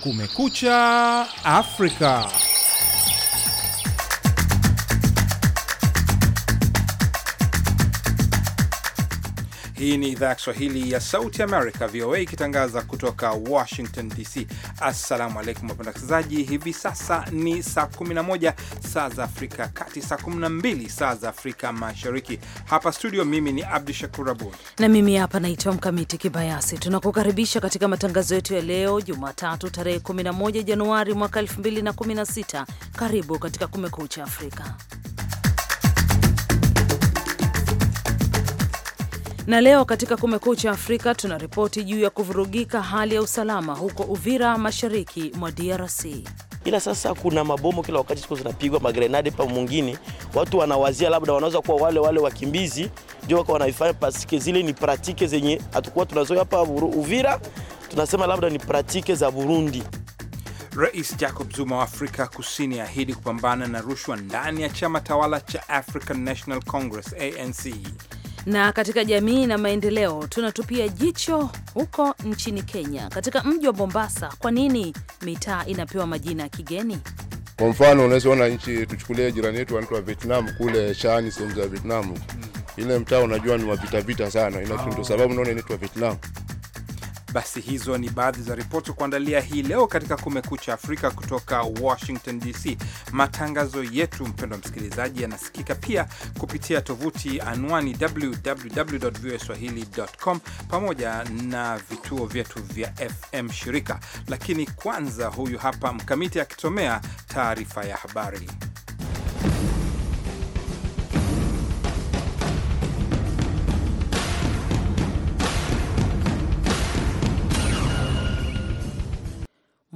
Kumekucha Afrika. Hii ni idhaa ya Kiswahili ya Sauti Amerika, VOA, ikitangaza kutoka Washington DC. Assalamu alaikum wapenda wasikilizaji, hivi sasa ni saa 11 saa za Afrika Kati, saa 12 saa za Afrika Mashariki. Hapa studio, mimi ni Abdu Shakur Abud na mimi hapa naitwa Mkamiti Kibayasi. Tunakukaribisha katika matangazo yetu ya leo Jumatatu, tarehe 11 Januari mwaka 2016. Karibu katika Kumekucha Afrika. Na leo katika Kumekucha Afrika tunaripoti juu ya kuvurugika hali ya usalama huko Uvira, mashariki mwa DRC. Ila sasa kuna mabomu kila wakati, siku zinapigwa magrenade pa mwingine, watu wanawazia labda wanaweza kuwa wale wale wakimbizi ndio wako wanaifanya, pasike zile ni pratike zenye hatukuwa tunazoea hapa Uvira, tunasema labda ni pratike za Burundi. Rais Jacob Zuma wa Afrika Kusini ahidi kupambana na rushwa ndani ya chama tawala cha African National Congress ANC. Na katika jamii na maendeleo, tunatupia jicho huko nchini Kenya, katika mji wa Mombasa. Kwa nini mitaa inapewa majina ya kigeni? Kwa mfano, unaweza ona nchi, tuchukulie jirani yetu wanaitwa Vietnam, kule shaani, sehemu za Vietnam, hmm. ile mtaa unajua ni wa vitavita sana, ina ah. ndio sababu naona inaitwa Vietnam. Basi hizo ni baadhi za ripoti kuandalia hii leo katika Kumekucha Afrika kutoka Washington DC. Matangazo yetu, mpendwa msikilizaji, yanasikika pia kupitia tovuti anwani www voa swahili.com, pamoja na vituo vyetu vya FM shirika. Lakini kwanza, huyu hapa Mkamiti akitomea taarifa ya habari.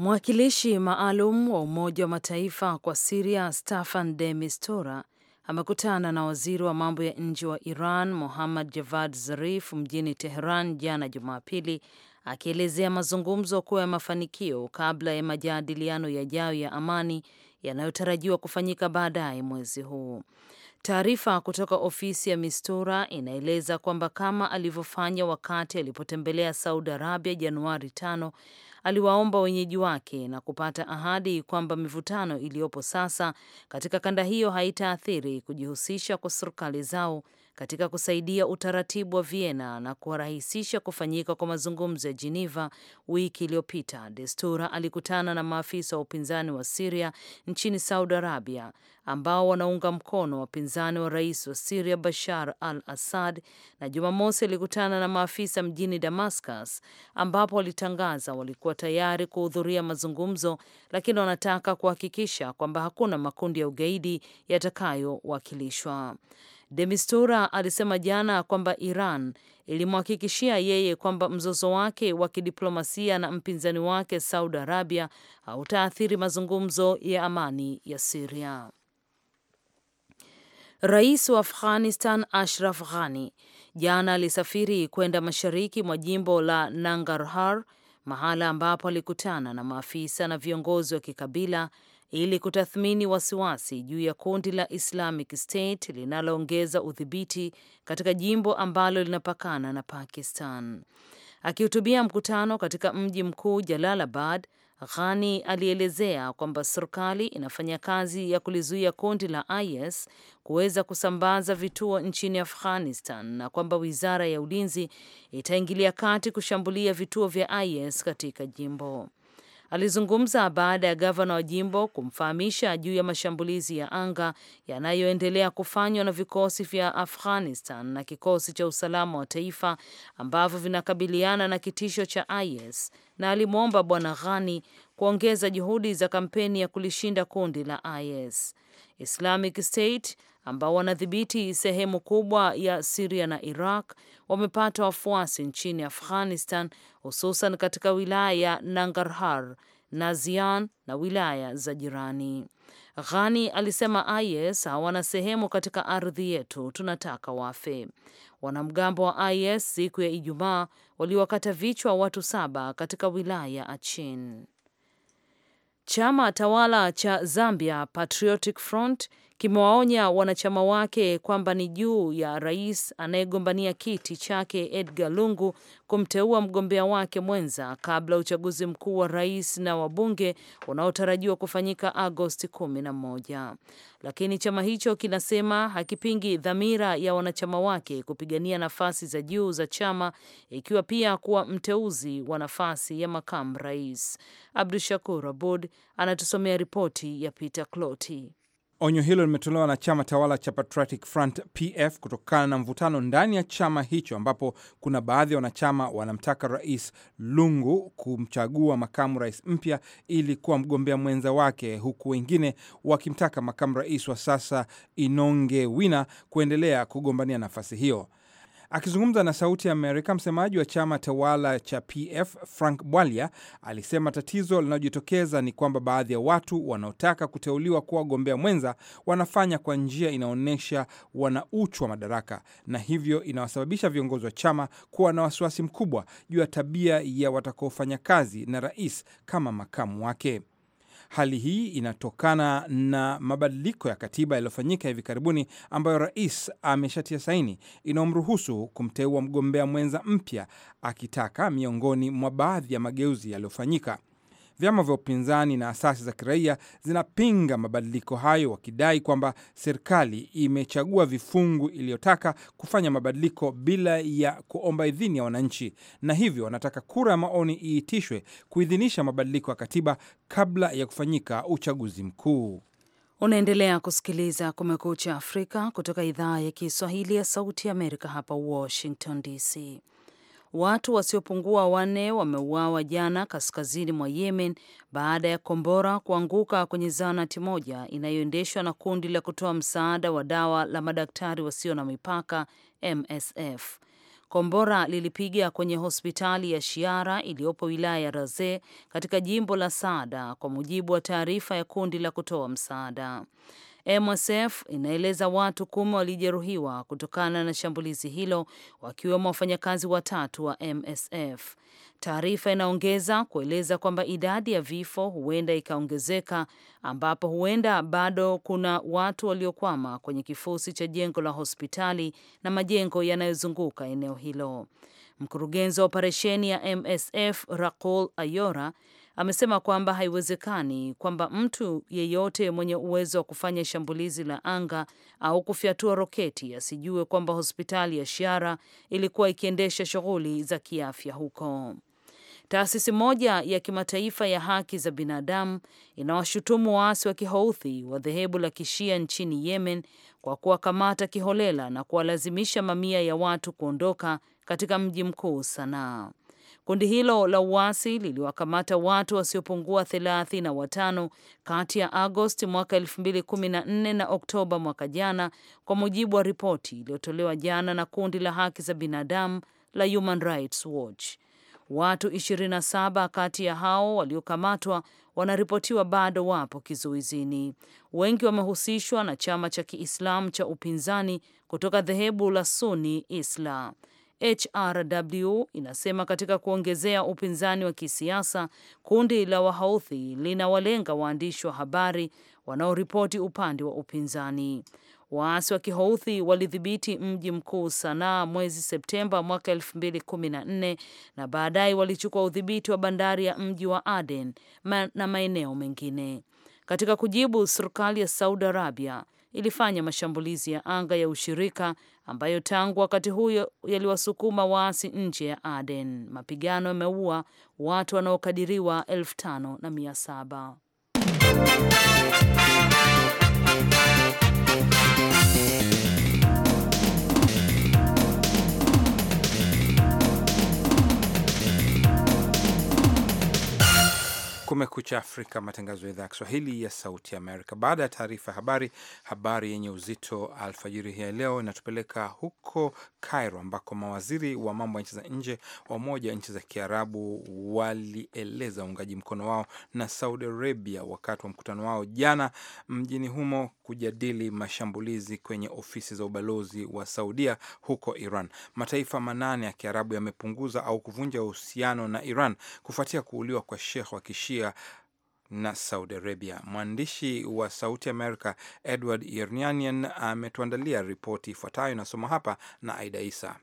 Mwakilishi maalum wa Umoja wa Mataifa kwa Siria Staffan de Mistura amekutana na waziri wa mambo ya nje wa Iran Mohammad Javad Zarif mjini Teheran jana Jumapili, akielezea mazungumzo kuwa ya mafanikio kabla ya majadiliano yajayo ya amani yanayotarajiwa kufanyika baadaye mwezi huu. Taarifa kutoka ofisi ya Mistura inaeleza kwamba kama alivyofanya wakati alipotembelea Saudi Arabia Januari tano, aliwaomba wenyeji wake na kupata ahadi kwamba mivutano iliyopo sasa katika kanda hiyo haitaathiri kujihusisha kwa serikali zao katika kusaidia utaratibu wa Vienna na kuwarahisisha kufanyika kwa mazungumzo ya Geneva wiki iliyopita. Destura alikutana na maafisa wa upinzani wa Siria nchini Saudi Arabia ambao wanaunga mkono wapinzani wa rais wa Siria Bashar al Assad, na Jumamosi alikutana na maafisa mjini Damascus ambapo walitangaza walikuwa tayari kuhudhuria mazungumzo, lakini wanataka kuhakikisha kwamba hakuna makundi ya ugaidi yatakayowakilishwa demistura alisema jana kwamba Iran ilimhakikishia yeye kwamba mzozo wake wa kidiplomasia na mpinzani wake Saudi Arabia hautaathiri mazungumzo ya amani ya Siria. Rais wa Afghanistan Ashraf Ghani jana alisafiri kwenda mashariki mwa jimbo la Nangarhar, mahala ambapo alikutana na maafisa na viongozi wa kikabila ili kutathmini wasiwasi juu ya kundi la Islamic State linaloongeza udhibiti katika jimbo ambalo linapakana na Pakistan. Akihutubia mkutano katika mji mkuu Jalalabad, Ghani alielezea kwamba serikali inafanya kazi ya kulizuia kundi la IS kuweza kusambaza vituo nchini Afghanistan na kwamba wizara ya ulinzi itaingilia kati kushambulia vituo vya IS katika jimbo. Alizungumza baada ya gavana wa jimbo kumfahamisha juu ya mashambulizi ya anga yanayoendelea kufanywa na vikosi vya Afghanistan na kikosi cha usalama wa taifa ambavyo vinakabiliana na kitisho cha IS na alimwomba Bwana Ghani kuongeza juhudi za kampeni ya kulishinda kundi la IS. Islamic State ambao wanadhibiti sehemu kubwa ya Siria na Iraq wamepata wafuasi nchini Afghanistan, hususan katika wilaya ya Nangarhar, Nazian na wilaya za jirani. Ghani alisema IS hawana sehemu katika ardhi yetu, tunataka wafe. Wanamgambo wa IS siku ya Ijumaa waliwakata vichwa watu saba katika wilaya ya Achin. Chama tawala cha Zambia Patriotic Front kimewaonya wanachama wake kwamba ni juu ya rais anayegombania kiti chake Edgar Lungu kumteua mgombea wake mwenza kabla uchaguzi mkuu wa rais na wabunge unaotarajiwa kufanyika Agosti kumi na moja. Lakini chama hicho kinasema hakipingi dhamira ya wanachama wake kupigania nafasi za juu za chama, ikiwa pia kuwa mteuzi wa nafasi ya makamu rais. Abdu Shakur Abud anatusomea ripoti ya Peter Cloti. Onyo hilo limetolewa na chama tawala cha Patriotic Front PF kutokana na mvutano ndani ya chama hicho ambapo kuna baadhi ya wanachama wanamtaka Rais Lungu kumchagua makamu rais mpya ili kuwa mgombea mwenza wake huku wengine wakimtaka makamu rais wa sasa Inonge Wina kuendelea kugombania nafasi hiyo. Akizungumza na Sauti ya Amerika, msemaji wa chama tawala cha PF Frank Bwalya alisema tatizo linalojitokeza ni kwamba baadhi ya watu wanaotaka kuteuliwa kuwa wagombea mwenza wanafanya kwa njia inaonyesha wana uchu wa madaraka, na hivyo inawasababisha viongozi wa chama kuwa na wasiwasi mkubwa juu ya tabia ya watakaofanya kazi na rais kama makamu wake. Hali hii inatokana na mabadiliko ya katiba yaliyofanyika hivi karibuni ambayo rais ameshatia saini, inayomruhusu kumteua mgombea mwenza mpya akitaka, miongoni mwa baadhi ya mageuzi yaliyofanyika. Vyama vya upinzani na asasi za kiraia zinapinga mabadiliko hayo, wakidai kwamba serikali imechagua vifungu iliyotaka kufanya mabadiliko bila ya kuomba idhini ya wananchi, na hivyo wanataka kura ya maoni iitishwe kuidhinisha mabadiliko ya katiba kabla ya kufanyika uchaguzi mkuu. Unaendelea kusikiliza Kumekucha Afrika kutoka idhaa ya Kiswahili ya Sauti ya Amerika hapa Washington DC. Watu wasiopungua wanne wameuawa jana kaskazini mwa Yemen baada ya kombora kuanguka kwenye zanati moja inayoendeshwa na kundi la kutoa msaada wa dawa la Madaktari Wasio na Mipaka, MSF. Kombora lilipiga kwenye hospitali ya Shiara iliyopo wilaya ya raze katika jimbo la Saada, kwa mujibu wa taarifa ya kundi la kutoa msaada. MSF inaeleza watu kumi walijeruhiwa kutokana na shambulizi hilo, wakiwemo wafanyakazi watatu wa MSF. Taarifa inaongeza kueleza kwamba idadi ya vifo huenda ikaongezeka, ambapo huenda bado kuna watu waliokwama kwenye kifusi cha jengo la hospitali na majengo yanayozunguka eneo hilo. Mkurugenzi wa operesheni ya MSF Rakul Ayora amesema kwamba haiwezekani kwamba mtu yeyote mwenye uwezo wa kufanya shambulizi la anga au kufyatua roketi asijue kwamba hospitali ya Shiara ilikuwa ikiendesha shughuli za kiafya huko. Taasisi moja ya kimataifa ya haki za binadamu inawashutumu waasi wa Kihouthi wa dhehebu la Kishia nchini Yemen kwa kuwakamata kiholela na kuwalazimisha mamia ya watu kuondoka katika mji mkuu Sanaa. Kundi hilo la uasi liliwakamata watu wasiopungua thelathini na watano kati ya Agosti mwaka 2014 na Oktoba mwaka jana, kwa mujibu wa ripoti iliyotolewa jana na kundi la haki za binadamu la Human Rights Watch. Watu 27 kati ya hao waliokamatwa wanaripotiwa bado wapo kizuizini. Wengi wamehusishwa na chama cha Kiislamu cha upinzani kutoka dhehebu la Sunni Islam. HRW inasema katika kuongezea upinzani wa kisiasa, kundi la wahauthi linawalenga waandishi wa habari wanaoripoti upande wa upinzani. Waasi wa Kihouthi walidhibiti mji mkuu Sanaa mwezi Septemba mwaka 2014 na baadaye walichukua udhibiti wa bandari ya mji wa Aden na maeneo mengine. Katika kujibu, serikali ya Saudi Arabia ilifanya mashambulizi ya anga ya ushirika ambayo tangu wakati huyo yaliwasukuma waasi nje ya Aden. Mapigano yameua watu wanaokadiriwa elfu tano na mia saba. Kumekucha Afrika, matangazo ya idhaa ya Kiswahili ya Sauti Amerika. Baada ya taarifa ya habari, habari yenye uzito alfajiri hii leo inatupeleka huko Cairo ambako mawaziri wa mambo ya nchi za nje wa Umoja wa Nchi za Kiarabu walieleza uungaji mkono wao na Saudi Arabia wakati wa mkutano wao jana mjini humo kujadili mashambulizi kwenye ofisi za ubalozi wa Saudia huko Iran. Mataifa manane ya Kiarabu yamepunguza au kuvunja uhusiano na Iran kufuatia kuuliwa kwa shekh wa kishia Syria na Saudi Arabia. Mwandishi wa Sauti America Edward Yernianian ametuandalia ripoti ifuatayo, inasoma hapa na Aida Isa.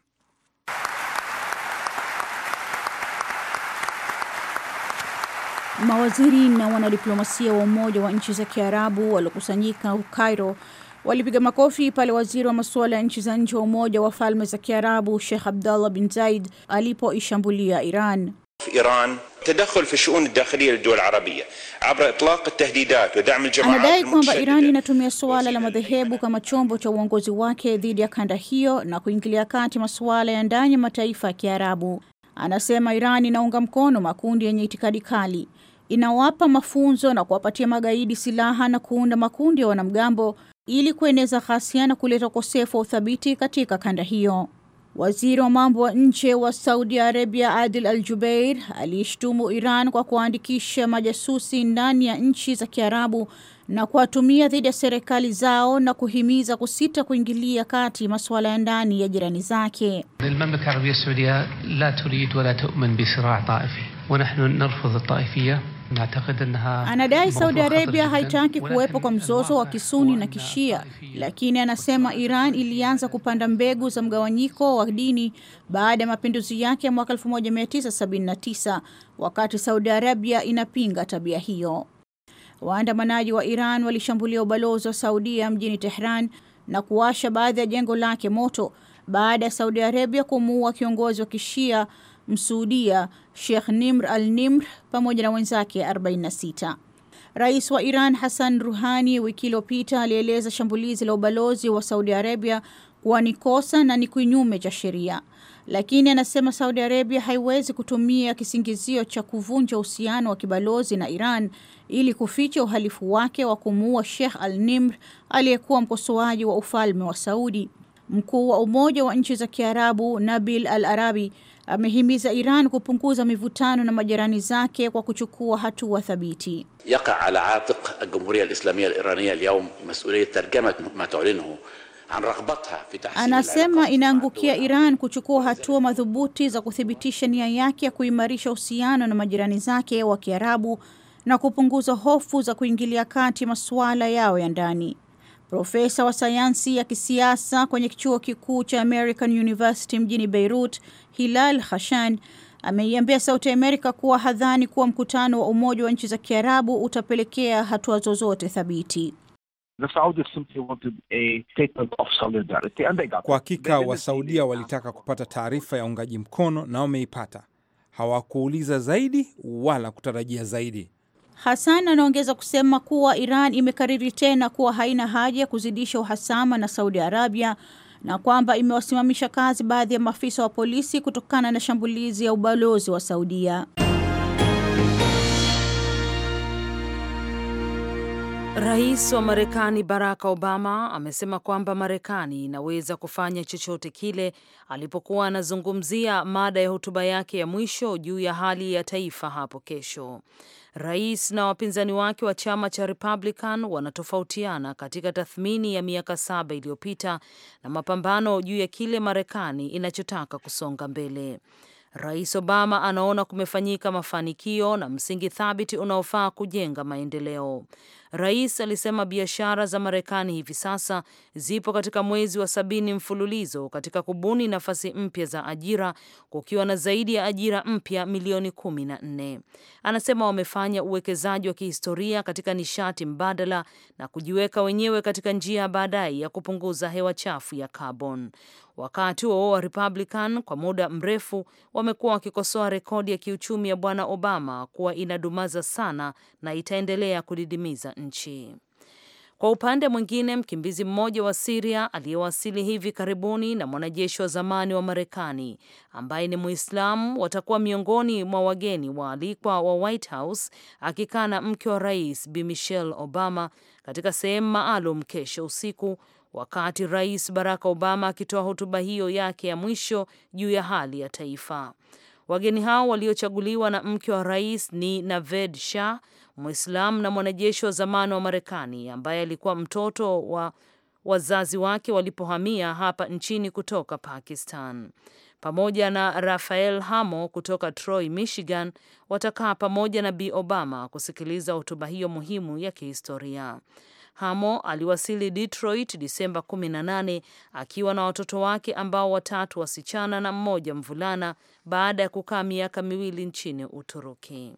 Mawaziri na wanadiplomasia wa Umoja wa Nchi za Kiarabu waliokusanyika huko Cairo walipiga makofi pale waziri wa masuala ya nchi za nje wa Umoja wa Falme za Kiarabu Sheikh Abdallah bin Zaid alipoishambulia Iran. في إيران tadahul fi shuuni dakhiliya lidul arabia abra itlaq altahdidat wa dam Anadai kwamba Iran inatumia suala la madhehebu kama chombo cha uongozi wake dhidi ya kanda hiyo na kuingilia kati masuala ya ndani ya mataifa ya Kiarabu. Anasema Iran inaunga mkono makundi yenye itikadi kali, inawapa mafunzo na kuwapatia magaidi silaha na kuunda makundi ya wanamgambo ili kueneza ghasia na kuleta ukosefu wa uthabiti katika kanda hiyo. Waziri wa mambo wa nje wa Saudi Arabia Adil Al Jubeir aliishtumu Iran kwa kuandikisha majasusi ndani ya nchi za Kiarabu na kuwatumia dhidi ya serikali zao na kuhimiza kusita kuingilia kati masuala ya ndani ya jirani zake. Anadai Saudi Arabia haitaki kuwepo kwa mzozo wa kisuni na kishia, lakini anasema Iran ilianza kupanda mbegu za mgawanyiko wa dini baada ya mapinduzi yake ya mwaka 1979 wakati Saudi Arabia inapinga tabia hiyo. Waandamanaji wa Iran walishambulia ubalozi wa Saudia mjini Tehran na kuwasha baadhi ya jengo lake moto baada ya Saudi Arabia kumuua kiongozi wa kishia Msuudia Sheikh Nimr al-Nimr pamoja na wenzake 46. Rais wa Iran Hassan Ruhani wiki iliyopita alieleza shambulizi la ubalozi wa Saudi Arabia kuwa ni kosa na ni kinyume cha sheria, lakini anasema Saudi Arabia haiwezi kutumia kisingizio cha kuvunja uhusiano wa kibalozi na Iran ili kuficha uhalifu wake wa kumuua Sheikh al-Nimr aliyekuwa mkosoaji wa ufalme wa Saudi. Mkuu wa Umoja wa Nchi za Kiarabu Nabil Al-Arabi amehimiza Iran kupunguza mivutano na majirani zake kwa kuchukua hatua thabiti. yaqa ala atiq aljumhuria alislamia alirania alyawm masuliyya tarjama ma tulinhu Anasema inaangukia Iran kuchukua hatua madhubuti za kuthibitisha nia yake ya kuimarisha uhusiano na majirani zake wa Kiarabu na kupunguza hofu za kuingilia kati masuala yao ya ndani profesa wa sayansi ya kisiasa kwenye chuo kikuu cha American University mjini Beirut, Hilal hashan ameiambia Sauti Amerika kuwa hadhani kuwa mkutano wa Umoja wa Nchi za Kiarabu utapelekea hatua zozote thabiti. Kwa hakika Wasaudia walitaka kupata taarifa ya uungaji mkono na wameipata. Hawakuuliza zaidi wala kutarajia zaidi. Hassan anaongeza kusema kuwa Iran imekariri tena kuwa haina haja ya kuzidisha uhasama na Saudi Arabia na kwamba imewasimamisha kazi baadhi ya maafisa wa polisi kutokana na shambulizi ya ubalozi wa Saudia. Rais wa Marekani Barack Obama amesema kwamba Marekani inaweza kufanya chochote kile alipokuwa anazungumzia mada ya hotuba yake ya mwisho juu ya hali ya taifa hapo kesho. Rais na wapinzani wake wa chama cha Republican wanatofautiana katika tathmini ya miaka saba iliyopita na mapambano juu ya kile Marekani inachotaka kusonga mbele. Rais Obama anaona kumefanyika mafanikio na msingi thabiti unaofaa kujenga maendeleo. Rais alisema biashara za Marekani hivi sasa zipo katika mwezi wa sabini mfululizo katika kubuni nafasi mpya za ajira, kukiwa na zaidi ya ajira mpya milioni kumi na nne. Anasema wamefanya uwekezaji wa kihistoria katika nishati mbadala na kujiweka wenyewe katika njia ya baadaye ya kupunguza hewa chafu ya carbon. Wakati huo wa Republican kwa muda mrefu wamekuwa wakikosoa rekodi ya kiuchumi ya Bwana Obama kuwa inadumaza sana na itaendelea kudidimiza nchi. Kwa upande mwingine, mkimbizi mmoja wa Siria aliyewasili hivi karibuni na mwanajeshi wa zamani wa Marekani ambaye ni Muislamu watakuwa miongoni mwa wageni waalikwa wa White House akikaa na mke wa rais Bi Michelle Obama katika sehemu maalum kesho usiku wakati Rais Barack Obama akitoa hotuba hiyo yake ya mwisho juu ya hali ya taifa. Wageni hao waliochaguliwa na mke wa rais ni Naved Shah, Mwislamu na mwanajeshi wa zamani wa Marekani ambaye alikuwa mtoto wa wazazi wake walipohamia hapa nchini kutoka Pakistan, pamoja na Rafael Hamo kutoka Troy, Michigan. Watakaa pamoja na Bi Obama kusikiliza hotuba hiyo muhimu ya kihistoria. Hamo aliwasili Detroit Disemba 18 akiwa na watoto wake ambao watatu wasichana na mmoja mvulana baada ya kukaa miaka miwili nchini Uturuki.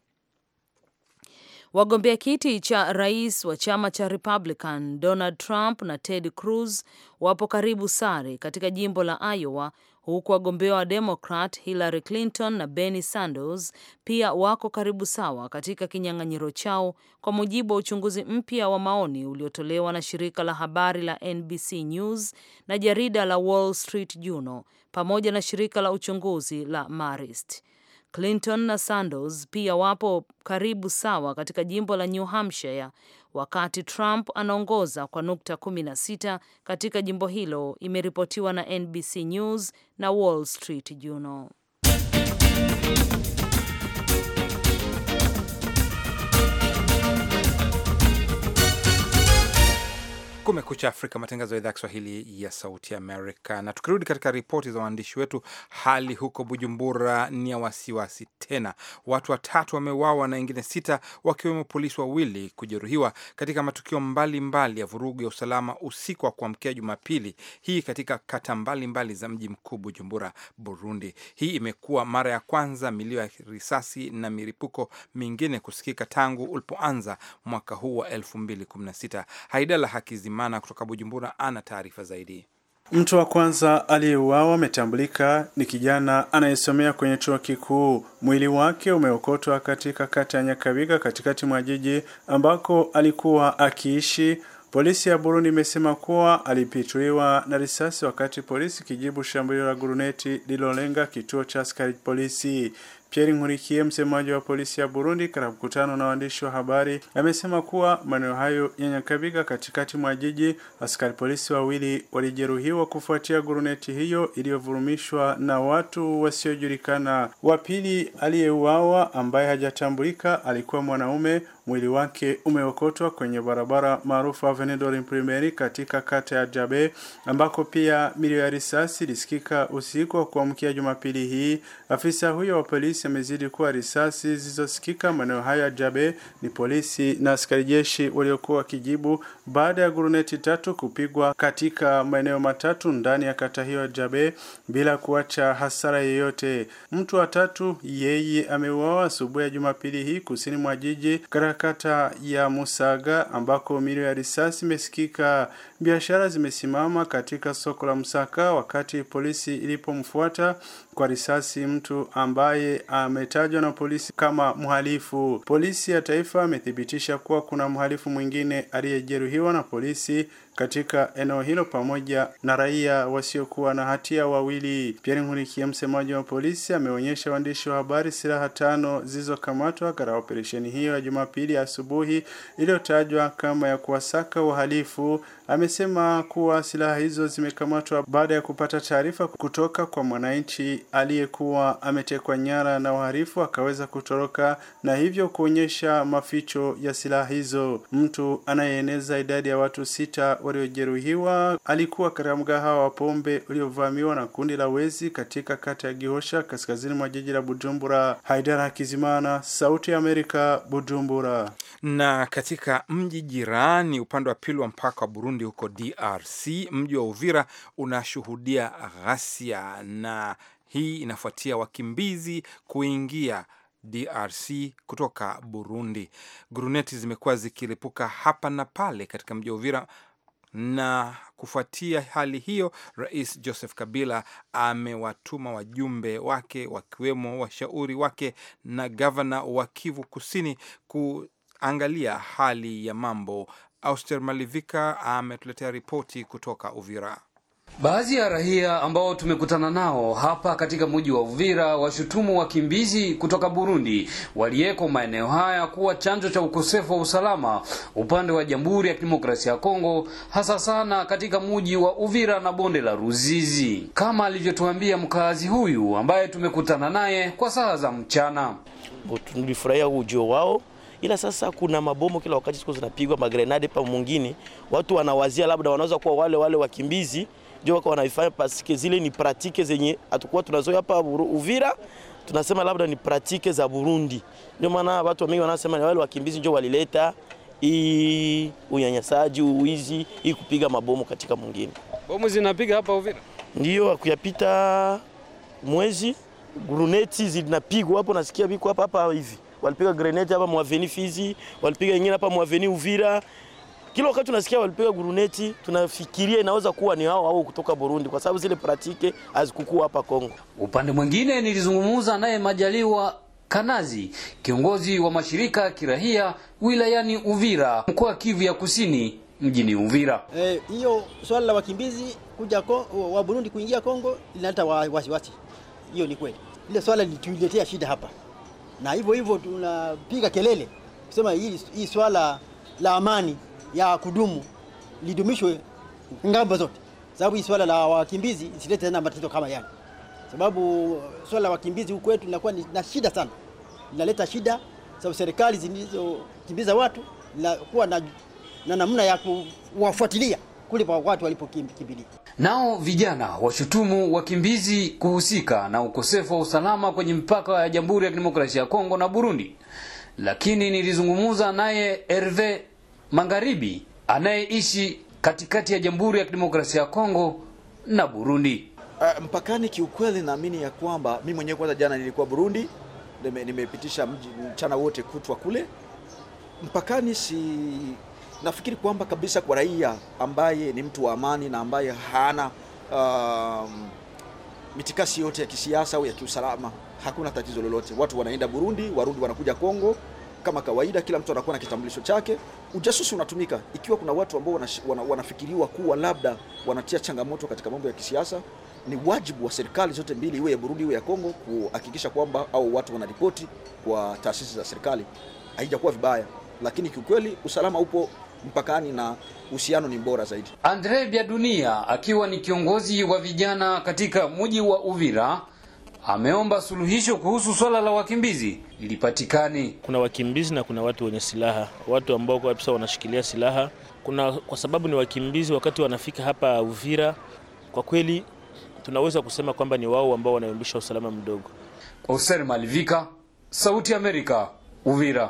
Wagombea kiti cha rais wa chama cha Republican Donald Trump na Ted Cruz wapo karibu sare katika jimbo la Iowa huku wagombea wa Demokrat Hillary Clinton na Bernie Sanders pia wako karibu sawa katika kinyang'anyiro chao, kwa mujibu wa uchunguzi mpya wa maoni uliotolewa na shirika la habari la NBC News na jarida la Wall Street Journal pamoja na shirika la uchunguzi la Marist. Clinton na Sanders pia wapo karibu sawa katika jimbo la New Hampshire, wakati Trump anaongoza kwa nukta 16 katika jimbo hilo, imeripotiwa na NBC News na Wall Street Journal. Kumekucha Afrika, matangazo ya idhaa ya Kiswahili ya Sauti Amerika. Na tukirudi katika ripoti za waandishi wetu, hali huko Bujumbura ni ya wasiwasi tena. Watu watatu wameuawa na wengine sita wakiwemo polisi wawili kujeruhiwa katika matukio mbalimbali mbali ya vurugu ya usalama usiku wa kuamkia Jumapili hii katika kata mbalimbali mbali za mji mkuu Bujumbura, Burundi. Hii imekuwa mara ya kwanza milio ya risasi na miripuko mingine kusikika tangu ulipoanza mwaka huu wa 2016. Haidala Hakizima Nduwimana kutoka Bujumbura ana taarifa zaidi. Mtu wa kwanza aliyeuawa ametambulika ni kijana anayesomea kwenye chuo kikuu. Mwili wake umeokotwa katika kata ya Nyakabiga katikati mwa jiji ambako alikuwa akiishi. Polisi ya Burundi imesema kuwa alipituliwa na risasi wakati polisi kijibu shambulio la guruneti lililolenga kituo cha askari polisi. Pierre Nkurikiye msemaji wa polisi ya Burundi katika mkutano na waandishi wa habari amesema kuwa maeneo hayo ya Nyakabiga katikati mwa jiji askari polisi wawili walijeruhiwa kufuatia guruneti hiyo iliyovurumishwa na watu wasiojulikana. Wa pili aliyeuawa ambaye hajatambulika alikuwa mwanaume Mwili wake umeokotwa kwenye barabara maarufu Avenue Primeri katika kata ya Jabe ambako pia milio ya risasi ilisikika usiku wa kuamkia Jumapili hii. Afisa huyo wa polisi amezidi kuwa risasi zilizosikika maeneo hayo ya Jabe ni polisi na askari jeshi waliokuwa wakijibu baada ya guruneti tatu kupigwa katika maeneo matatu ndani ya kata hiyo ya Jabe bila kuacha hasara yeyote. Mtu wa tatu yeye ameuawa asubuhi ya Jumapili hii kusini mwa jiji kata ya Musaga ambako milio ya risasi imesikika. Biashara zimesimama katika soko la Msaka wakati polisi ilipomfuata kwa risasi mtu ambaye ametajwa na polisi kama mhalifu. Polisi ya taifa amethibitisha kuwa kuna mhalifu mwingine aliyejeruhiwa na polisi katika eneo hilo pamoja na raia wasiokuwa na hatia wawili. Pierre Nkurikiye, msemaji wa polisi, ameonyesha waandishi wa habari silaha tano zilizokamatwa katika operesheni hiyo ya Jumapili asubuhi iliyotajwa kama ya kuwasaka wahalifu amesema kuwa silaha hizo zimekamatwa baada ya kupata taarifa kutoka kwa mwananchi aliyekuwa ametekwa nyara na wahalifu akaweza kutoroka na hivyo kuonyesha maficho ya silaha hizo. Mtu anayeeneza idadi ya watu sita waliojeruhiwa alikuwa katika mgahawa wa pombe uliovamiwa na kundi la wezi katika kata ya Gihosha kaskazini mwa jiji la Bujumbura. Haidara Kizimana, Sauti ya Amerika, Bujumbura. Na katika mji jirani upande wa pili wa mpaka wa Burundi Burundi, huko DRC mji wa Uvira unashuhudia ghasia, na hii inafuatia wakimbizi kuingia DRC kutoka Burundi. Gruneti zimekuwa zikilipuka hapa na pale katika mji wa Uvira na kufuatia hali hiyo, Rais Joseph Kabila amewatuma wajumbe wake wakiwemo washauri wake na gavana wa Kivu Kusini kuangalia hali ya mambo Auster Malivika ametuletea ripoti kutoka Uvira. Baadhi ya raia ambao tumekutana nao hapa katika mji wa Uvira washutumu wakimbizi kutoka Burundi waliyeko maeneo haya kuwa chanzo cha ukosefu wa usalama upande wa Jamhuri ya Kidemokrasia ya Kongo, hasa sana katika mji wa Uvira na bonde la Ruzizi, kama alivyotuambia mkazi huyu ambaye tumekutana naye kwa saa za mchana. Tulifurahia ujio wao ila sasa kuna mabomu kila wakati, siku zinapigwa magrenade pa mwingine, watu wanawazia labda wanaweza kuwa wale wale wakimbizi ndio wako wanaifanya, pasike zile ni pratique zenye atakuwa tunazoea hapa Uvira, tunasema labda ni pratique za Burundi. Ndio maana watu wengi wanasema ni wale wakimbizi ndio walileta hii unyanyasaji, uwizi, hii kupiga mabomu katika mwingine. Bomu zinapiga hapa Uvira ndio kuyapita mwezi, gruneti zinapigwa hapo, nasikia biko hapa hapa hivi walipiga greneti hapa mwaveni Fizi, walipiga nyingine hapa mwaveni Uvira. Kila wakati tunasikia walipiga guruneti, tunafikiria inaweza kuwa ni hao au kutoka Burundi, kwa sababu zile pratike hazikukua hapa Kongo. Upande mwingine nilizungumza naye Majaliwa Kanazi, kiongozi wa mashirika kirahia wilayani Uvira, mkoa wa Kivu ya Kusini, mjini Uvira. Eh, hiyo eh, swala la wakimbizi kuja wa Burundi kuingia Kongo linaleta wasiwasi, hiyo ni kweli. Ile swala lituletea shida hapa na hivyo hivyo tunapiga kelele kusema hii, hii swala la amani ya kudumu lidumishwe ngambo zote, sababu hii swala la wakimbizi isilete tena matatizo kama yale, sababu uh, swala la wakimbizi huku kwetu linakuwa na shida sana, linaleta shida sababu serikali zilizokimbiza watu linakuwa na, na namna ya kuwafuatilia kwa watu walipokimbilia. Nao vijana washutumu wakimbizi kuhusika na ukosefu wa usalama kwenye mpaka ya Jamhuri ya Kidemokrasia ya Kongo na Burundi, lakini nilizungumza naye RV Magharibi anayeishi katikati ya Jamhuri ya Kidemokrasia ya Kongo na Burundi. Uh, mpakani kiukweli, naamini ya kwamba mimi mwenyewe kwanza, jana nilikuwa Burundi, nimepitisha mchana wote kutwa kule mpakani si nafikiri kwamba kabisa kwa raia ambaye ni mtu wa amani na ambaye hana uh, mitikasi yote ya kisiasa au ya kiusalama, hakuna tatizo lolote. Watu wanaenda Burundi, Warundi wanakuja Kongo kama kawaida, kila mtu anakuwa na kitambulisho chake. Ujasusi unatumika ikiwa kuna watu ambao wana, wanafikiriwa kuwa labda wanatia changamoto katika mambo ya kisiasa. Ni wajibu wa serikali zote mbili, iwe ya Burundi iwe ya Kongo, kuhakikisha kwamba au watu wanaripoti kwa taasisi za serikali. Haijakuwa vibaya, lakini kiukweli usalama upo mpakani na uhusiano ni bora zaidi. Andre Dunia akiwa ni kiongozi wa vijana katika mji wa Uvira ameomba suluhisho kuhusu swala la wakimbizi lipatikane. Kuna wakimbizi na kuna watu wenye silaha, watu ambao kabisa wanashikilia silaha. Kuna kwa sababu ni wakimbizi, wakati wanafika hapa Uvira, kwa kweli tunaweza kusema kwamba ni wao ambao wanayumbisha usalama mdogo. Oser Malivika, Sauti ya Amerika, Uvira.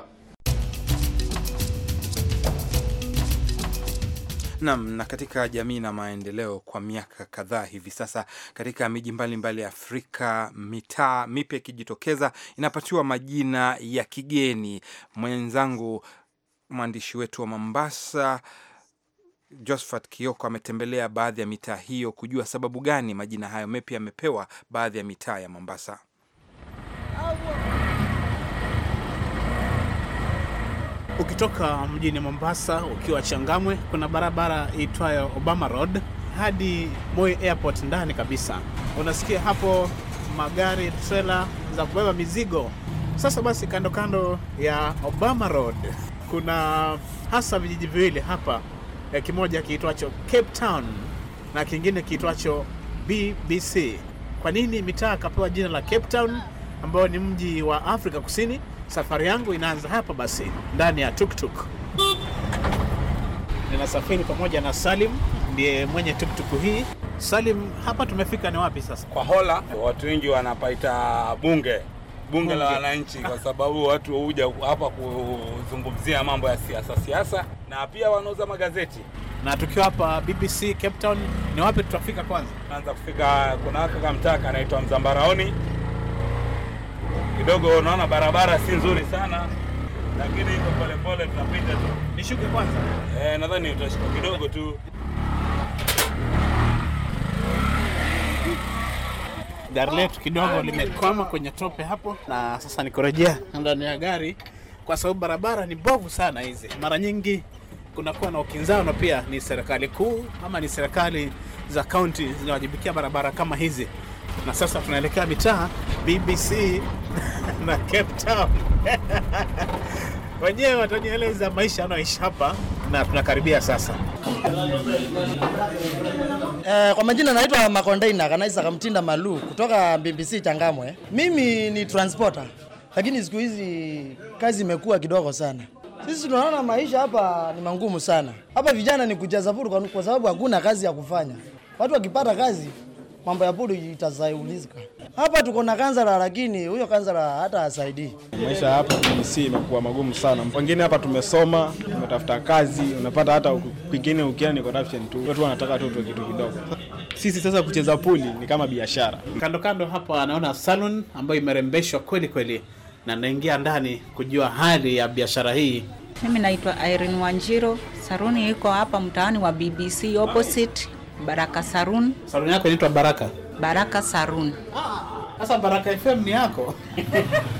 Naam, na katika jamii na maendeleo, kwa miaka kadhaa hivi sasa katika miji mbalimbali ya Afrika mitaa mipya ikijitokeza inapatiwa majina ya kigeni. Mwenzangu mwandishi wetu wa Mombasa Josphat Kioko ametembelea baadhi ya mitaa hiyo kujua sababu gani majina hayo mapya yamepewa baadhi ya mitaa ya Mombasa. Ukitoka mjini Mombasa ukiwa Changamwe, kuna barabara iitwayo Obama Road hadi Moi Airport ndani kabisa. Unasikia hapo magari trela za kubeba mizigo. Sasa basi, kando kando ya Obama Road kuna hasa vijiji viwili hapa, eh, kimoja kiitwacho Cape Town na kingine kiitwacho BBC. Kwa nini mitaa akapewa jina la Cape Town, ambayo ni mji wa Afrika Kusini safari yangu inaanza hapa basi, ndani ya tuktuk. Ninasafiri pamoja na Salim, ndiye mwenye tuktuku hii. Salim, hapa tumefika ni wapi sasa? Kwa Hola watu wengi wanapaita bunge bunge la wananchi kwa sababu watu huja hapa kuzungumzia mambo ya siasa siasa, na pia wanauza magazeti. Na tukiwa hapa BBC Cape Town, ni wapi tutafika kwanza? Naanza kufika, kuna kaka mtaka anaitwa Mzambaraoni kidogo, naona barabara si nzuri sana, lakini iko polepole, tunapita tu. Nishuke kwanza eh, nadhani utashuka kidogo tu. Gari letu kidogo limekwama kwenye tope hapo, na sasa nikurejea ndani ya gari kwa sababu barabara ni mbovu sana. Hizi mara nyingi kunakuwa na ukinzano, pia ni serikali kuu ama ni serikali za kaunti zinawajibikia barabara kama hizi na sasa tunaelekea mitaa BBC na Cape Town wenyewe watanieleza maisha anaoishi hapa, na tunakaribia sasa. Eh, kwa majina naitwa Makondaina Kanaisa Kamtinda Malu kutoka BBC Changamwe. Mimi ni transporter, lakini siku hizi kazi imekuwa kidogo sana. Sisi tunaona maisha hapa ni mangumu sana. Hapa vijana ni kujaza furu kwa sababu hakuna kazi ya kufanya. Watu wakipata kazi mambo ya puli itasaulizika. Hapa tuko na kanzala, lakini huyo kanzala hata asaidii. Maisha hapa si imekuwa magumu sana, wengine hapa tumesoma, tumetafuta kazi, unapata hata kwingine ukienda ni corruption tu, watu wanataka tu kitu kidogo. Sisi sasa kucheza puli ni kama biashara. Kando kando hapa anaona salon ambayo imerembeshwa kweli kweli, na naingia ndani kujua hali ya biashara hii. Mimi naitwa Irene Wanjiro, saruni iko hapa mtaani wa BBC opposite Baraka Sarun. Sarun yako inaitwa Baraka? Baraka Sarun. Ah, sasa Baraka FM ni yako?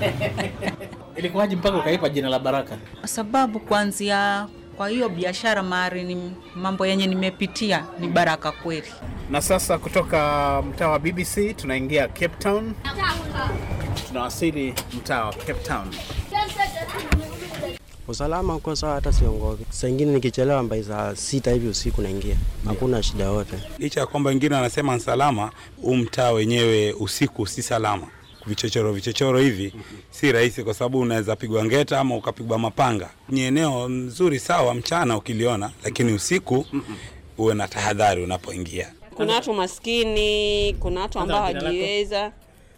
Ilikuwaje mpaka ukaipa jina la Baraka? Kwa sababu kuanzia kwa hiyo biashara mahari ni mambo yenye nimepitia ni baraka kweli. Na sasa kutoka mtaa wa BBC tunaingia Cape Town, tunawasili mtaa wa Cape Town. Usalama uko sawa, hata siongoke. Saa ingine nikichelewa mbai saa sita hivi usiku naingia, hakuna yeah, shida yote, licha ya kwamba wengine wanasema salama. Huu mtaa wenyewe usiku si salama, vichochoro vichochoro hivi mm-hmm, si rahisi, kwa sababu unaweza pigwa ngeta ama ukapigwa mapanga. Ni eneo nzuri sawa mchana ukiliona, lakini usiku uwe na tahadhari unapoingia. Kuna watu maskini, kuna watu ambao hawajiweza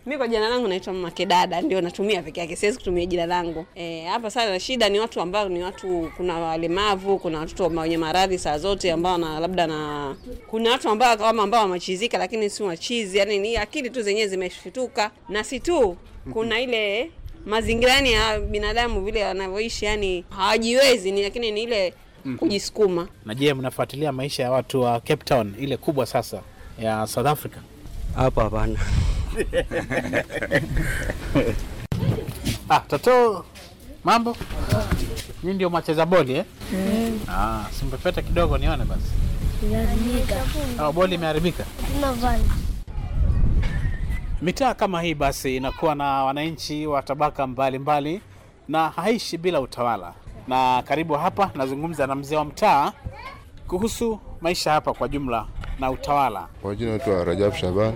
mimi kwa jina langu naitwa Mama Kedada, ndio natumia peke yake, siwezi kutumia jina langu e, hapa. E, sana shida ni watu ambao ni watu, kuna walemavu, kuna watoto wenye maradhi saa zote ambao na labda na kuna watu ambao kama ambao wamechizika, lakini si wachizi, yani ni akili tu zenyewe zimeshituka, na si tu kuna ile mazingirani ya binadamu vile wanavyoishi, yani hawajiwezi ni, lakini ni ile mm. kujisukuma. Na je, mnafuatilia maisha ya watu wa Cape Town ile kubwa sasa ya South Africa? Hapa hapana Ah, Toto, mambo ni ndio mwacheza boli eh? Mm. Ah, simpepeta kidogo nione basi. Ah, boli imeharibika. Mitaa kama hii basi inakuwa na wananchi wa tabaka mbalimbali na haishi bila utawala. Na karibu hapa nazungumza na mzee wa mtaa kuhusu maisha hapa kwa jumla na utawala. Kwa jina tu Rajab Shaban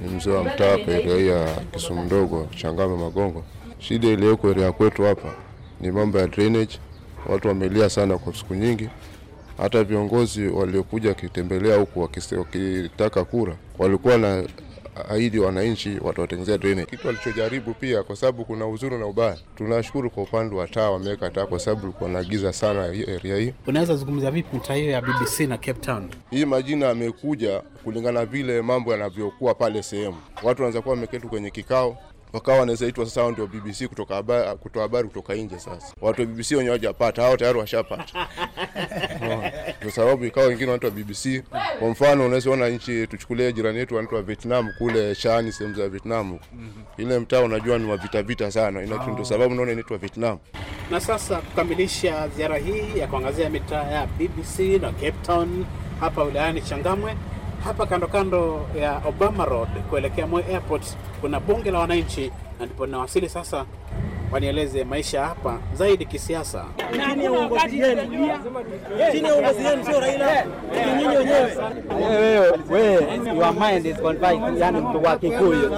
ni mzee wa mtaa hapa ya Kisumu ndogo Changama Magongo. Shida iliyoko area kwetu hapa ni mambo ya drainage, watu wamelia sana kwa siku nyingi. Hata viongozi waliokuja wakitembelea huku wakitaka kura walikuwa na ahidi wananchi watawatengezea drainage, kitu alichojaribu pia, kwa sababu kuna uzuri na ubaya. Tunashukuru kwa upande wa taa wameweka taa, kwa sababu kulikuwa na giza sana area hii. Unaweza zungumza vipi mtaa hiyo ya BBC na Cape Town? Hii majina yamekuja kulingana vile mambo yanavyokuwa pale sehemu, watu wanaanza kuwa wameketi kwenye kikao wakawa wanaweza itwa sasa, ndio BBC kutoka habari, kutoa habari kutoka nje. Sasa watu wa BBC wenyewe hawajapata, hao tayari washapata kwa sababu ikawa wengine watu wa BBC. Kwa mfano, unaweza ona nchi, tuchukulie jirani yetu watu wa Vietnam kule Shani, sehemu za Vietnam, ile mtaa unajua ni wa vita vita sana, ina ndio ah. sababu naona inaitwa Vietnam. Na sasa kukamilisha ziara hii ya kuangazia mitaa ya BBC na Cape Town hapa wilayani Changamwe hapa kando kando ya Obama Road kuelekea Moi Airport kuna bunge la wananchi, na ndipo ninawasili sasa wanieleze maisha hapa zaidi kisiasa. Chini ya uongozi chini ya uongozi sio Raila, ni nyinyi wenyewe. Wewe wewe, your mind is confined, yani mtu wa Kikuyu.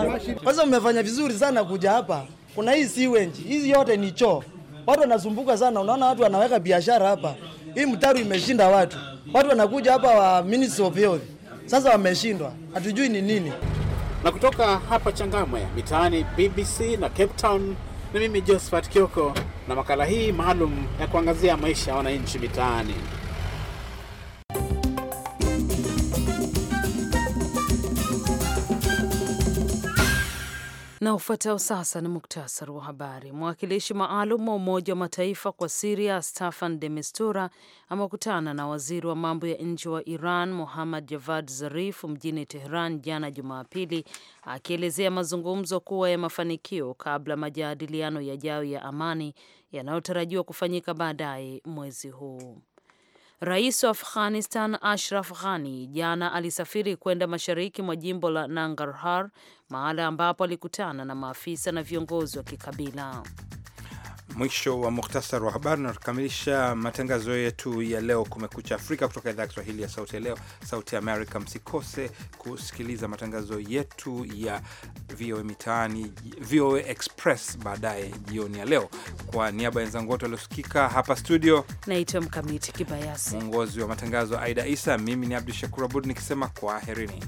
Kwanza mmefanya vizuri sana kuja hapa. Kuna hii siwenji, hizi yote ni choo, watu wanasumbuka sana. Unaona watu wanaweka biashara hapa, hii mtaru imeshinda watu, watu wanakuja hapa wa Ministry of Health sasa wameshindwa, hatujui ni nini. Na kutoka hapa Changamwe mitaani BBC na Cape Town, na mimi Josephat Kioko na makala hii maalum ya kuangazia maisha ya wananchi mitaani. Na ufuatao sasa ni muktasari wa habari. Mwakilishi maalum wa Umoja wa Mataifa kwa Siria Staffan de Mistura amekutana na waziri wa mambo ya nje wa Iran Muhammad Javad Zarif mjini Tehran jana Jumapili, akielezea mazungumzo kuwa ya mafanikio kabla majadiliano yajayo ya amani yanayotarajiwa kufanyika baadaye mwezi huu. Rais wa Afghanistan Ashraf Ghani jana alisafiri kwenda mashariki mwa jimbo la Nangarhar, mahala ambapo alikutana na maafisa na viongozi wa kikabila. Mwisho wa muhtasari wa habari, na tukamilisha matangazo yetu ya leo Kumekucha Afrika kutoka idhaa ya Kiswahili ya Sauti ya Leo, Sauti Amerika. Msikose kusikiliza matangazo yetu ya VOA Mitaani, VOA Express baadaye jioni ya leo. Kwa niaba ya wenzangu wote waliosikika hapa studio, naitwa Mkamiti Kibayasi, mwongozi wa matangazo Aida Isa, mimi ni Abdu Shakur Abud nikisema kwaherini.